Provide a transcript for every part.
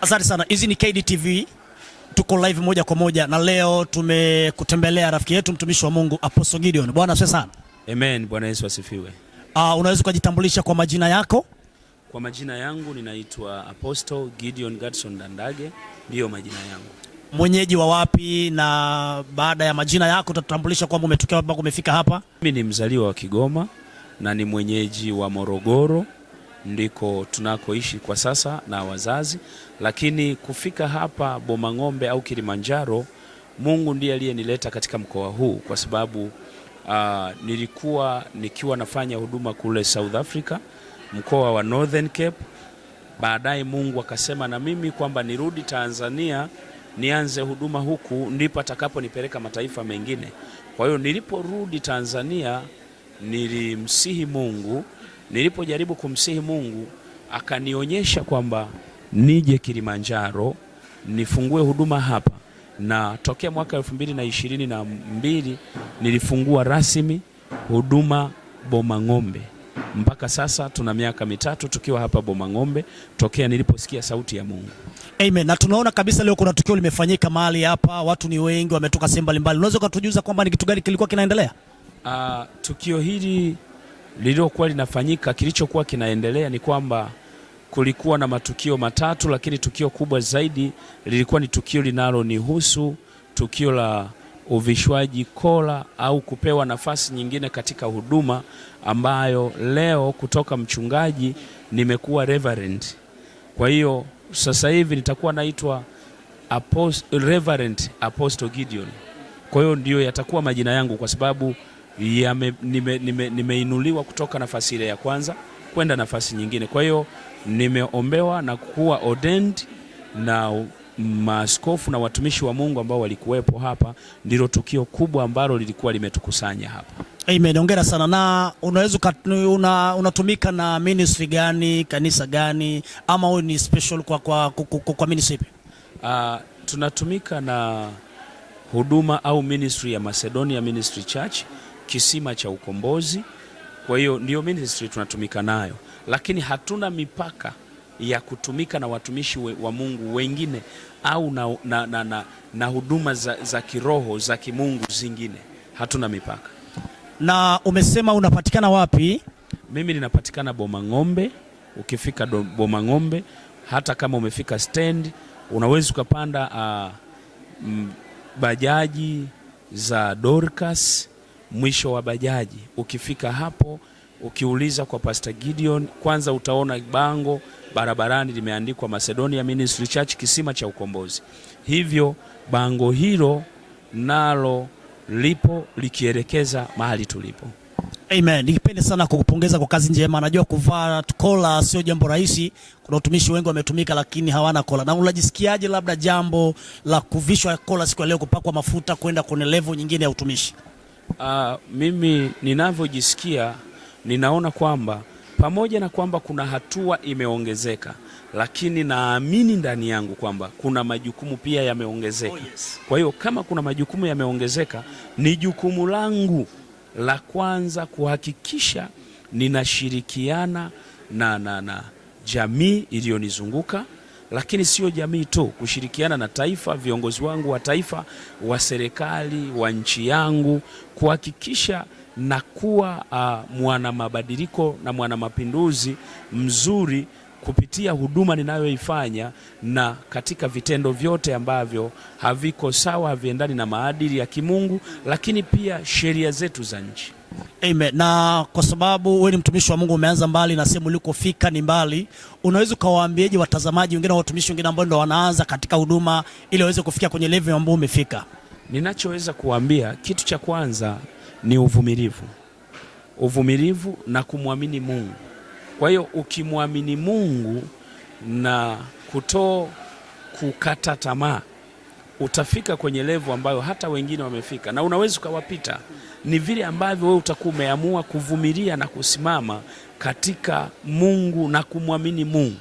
Asante sana. Hizi ni KDTV, tuko live moja kwa moja, na leo tumekutembelea rafiki yetu mtumishi wa Mungu Apostle Gideon. Bwana asifiwe sana. Amen. Bwana Yesu asifiwe. Uh, unaweza kujitambulisha kwa majina yako? Kwa majina yangu ninaitwa Apostle Gideon Gadson Dandage, ndiyo majina yangu. Mwenyeji wa wapi? Na baada ya majina yako tutatambulisha kwamba umetokea wapi mpaka umefika hapa. Mimi ni mzaliwa wa Kigoma na ni mwenyeji wa Morogoro ndiko tunakoishi kwa sasa na wazazi, lakini kufika hapa Bomang'ombe au Kilimanjaro, Mungu ndiye aliyenileta katika mkoa huu kwa sababu uh, nilikuwa nikiwa nafanya huduma kule South Africa, mkoa wa Northern Cape. Baadaye Mungu akasema na mimi kwamba nirudi Tanzania nianze huduma huku, ndipo atakaponipeleka mataifa mengine. Kwa hiyo niliporudi Tanzania nilimsihi Mungu Nilipojaribu kumsihi Mungu akanionyesha kwamba nije Kilimanjaro nifungue huduma hapa, na tokea mwaka elfu mbili na ishirini na mbili nilifungua rasmi huduma boma ngombe Mpaka sasa tuna miaka mitatu tukiwa hapa Bomang'ombe tokea niliposikia sauti ya Mungu. Amen. Na tunaona kabisa leo kuna tukio limefanyika mahali hapa, watu ni wengi, wametoka sehemu mbalimbali. Unaweza ukatujuza kwamba ni kitu gani kilikuwa kinaendelea? Uh, tukio hili lililokuwa linafanyika, kilichokuwa kinaendelea ni kwamba kulikuwa na matukio matatu, lakini tukio kubwa zaidi lilikuwa ni tukio linalonihusu, tukio la uvishwaji kola au kupewa nafasi nyingine katika huduma ambayo leo kutoka mchungaji nimekuwa reverend. Kwa hiyo sasa hivi nitakuwa naitwa Apost Reverend Apostle Gideon. Kwa hiyo ndiyo yatakuwa majina yangu kwa sababu nimeinuliwa nime, nime kutoka nafasi ile ya kwanza kwenda nafasi nyingine. Kwa hiyo nimeombewa na kuwa ordained na maaskofu na watumishi wa Mungu ambao walikuwepo hapa. Ndilo tukio kubwa ambalo lilikuwa limetukusanya hapa. Amen, hongera sana. Na unaweza una, unatumika na ministry gani, kanisa gani, ama wewe ni special kwa, kwa, kwa, kwa ministry ipi? Uh, tunatumika na huduma au ministry ya Macedonia Ministry Church kisima cha ukombozi. Kwa hiyo ndio ministry tunatumika nayo, lakini hatuna mipaka ya kutumika na watumishi we, wa Mungu wengine au na, na, na, na, na huduma za, za kiroho za kimungu zingine, hatuna mipaka. Na umesema unapatikana wapi? Mimi ninapatikana Boma Ng'ombe. Ukifika Boma Ng'ombe, hata kama umefika stand, unaweza ukapanda uh, bajaji za Dorcas mwisho wa bajaji. Ukifika hapo ukiuliza kwa Pastor Gideon, kwanza utaona bango barabarani limeandikwa Macedonia Ministry Church Kisima cha Ukombozi. Hivyo bango hilo nalo lipo likielekeza mahali tulipo. Amen. Nikipende sana kukupongeza kwa kazi njema. Najua kuvaa kola sio jambo rahisi. Kuna watumishi wengi wametumika lakini hawana kola. Na unajisikiaje labda jambo la kuvishwa kola siku ya leo, kupakwa mafuta kwenda kwenye level nyingine ya utumishi? uh, mimi ninavyojisikia ninaona kwamba pamoja na kwamba kuna hatua imeongezeka, lakini naamini ndani yangu kwamba kuna majukumu pia yameongezeka. Oh, yes. Kwa hiyo kama kuna majukumu yameongezeka, ni jukumu langu la kwanza kuhakikisha ninashirikiana na, na, na jamii iliyonizunguka lakini sio jamii tu, kushirikiana na taifa, viongozi wangu wa taifa, wa serikali, wa nchi yangu kuhakikisha na kuwa uh, ah, mwana mabadiliko na mwana mapinduzi mzuri kupitia huduma ninayoifanya na katika vitendo vyote ambavyo haviko sawa, haviendani na maadili ya kimungu, lakini pia sheria zetu za nchi. Amen. Na kwa sababu wewe ni mtumishi wa Mungu, umeanza mbali na sehemu ulikofika ni mbali, unaweza ukawaambiaje watazamaji wengine, watumishi wengine ambao ndo wanaanza katika huduma, ili waweze kufikia kwenye level ambayo umefika? Ninachoweza kuambia kitu cha kwanza ni uvumilivu, uvumilivu na kumwamini Mungu. Kwa hiyo ukimwamini Mungu na kuto kukata tamaa utafika kwenye levu ambayo hata wengine wamefika na unaweza ukawapita. Ni vile ambavyo wewe utakuwa umeamua kuvumilia na kusimama katika Mungu na kumwamini Mungu.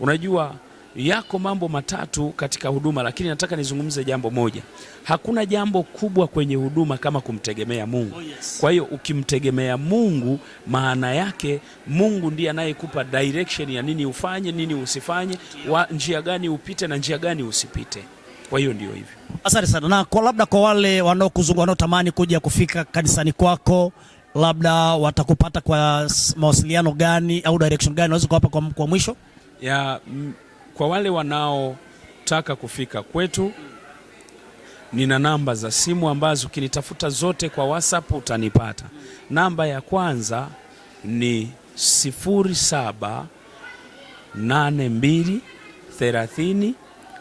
Unajua yako mambo matatu katika huduma, lakini nataka nizungumze jambo moja. Hakuna jambo kubwa kwenye huduma kama kumtegemea Mungu. Oh, Kwa hiyo ukimtegemea Mungu, maana yake Mungu ndiye anayekupa direction ya nini ufanye, nini usifanye, wa njia gani upite na njia gani usipite. Kwa hiyo ndio hivyo. Asante sana. Na kwa labda kwa wale wanaokuzunguka wanaotamani kuja kufika kanisani kwako, labda watakupata kwa mawasiliano gani au direction gani unaweza kuwapa kwa, kwa mwisho ya m, kwa wale wanaotaka kufika kwetu nina namba za simu ambazo ukinitafuta zote kwa WhatsApp utanipata. Namba ya kwanza ni 0782 30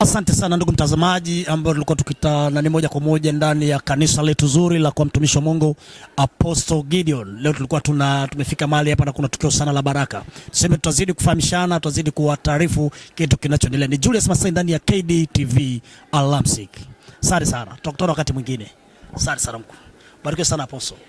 Asante sana ndugu mtazamaji, ambao tulikuwa tukita nani moja kwa moja ndani ya kanisa letu zuri la kwa mtumishi wa Mungu Apostle Gideon. Leo tulikuwa tuna tumefika mahali hapa na kuna tukio sana la baraka, tuseme tutazidi kufahamishana, tutazidi kuwataarifu kitu kinachoendelea. Ni Julius Masai ndani ya KDTV Alamsik. sare sana, tutakutana wakati mwingine. sare sana mkuu, barikiwe sana Apostle.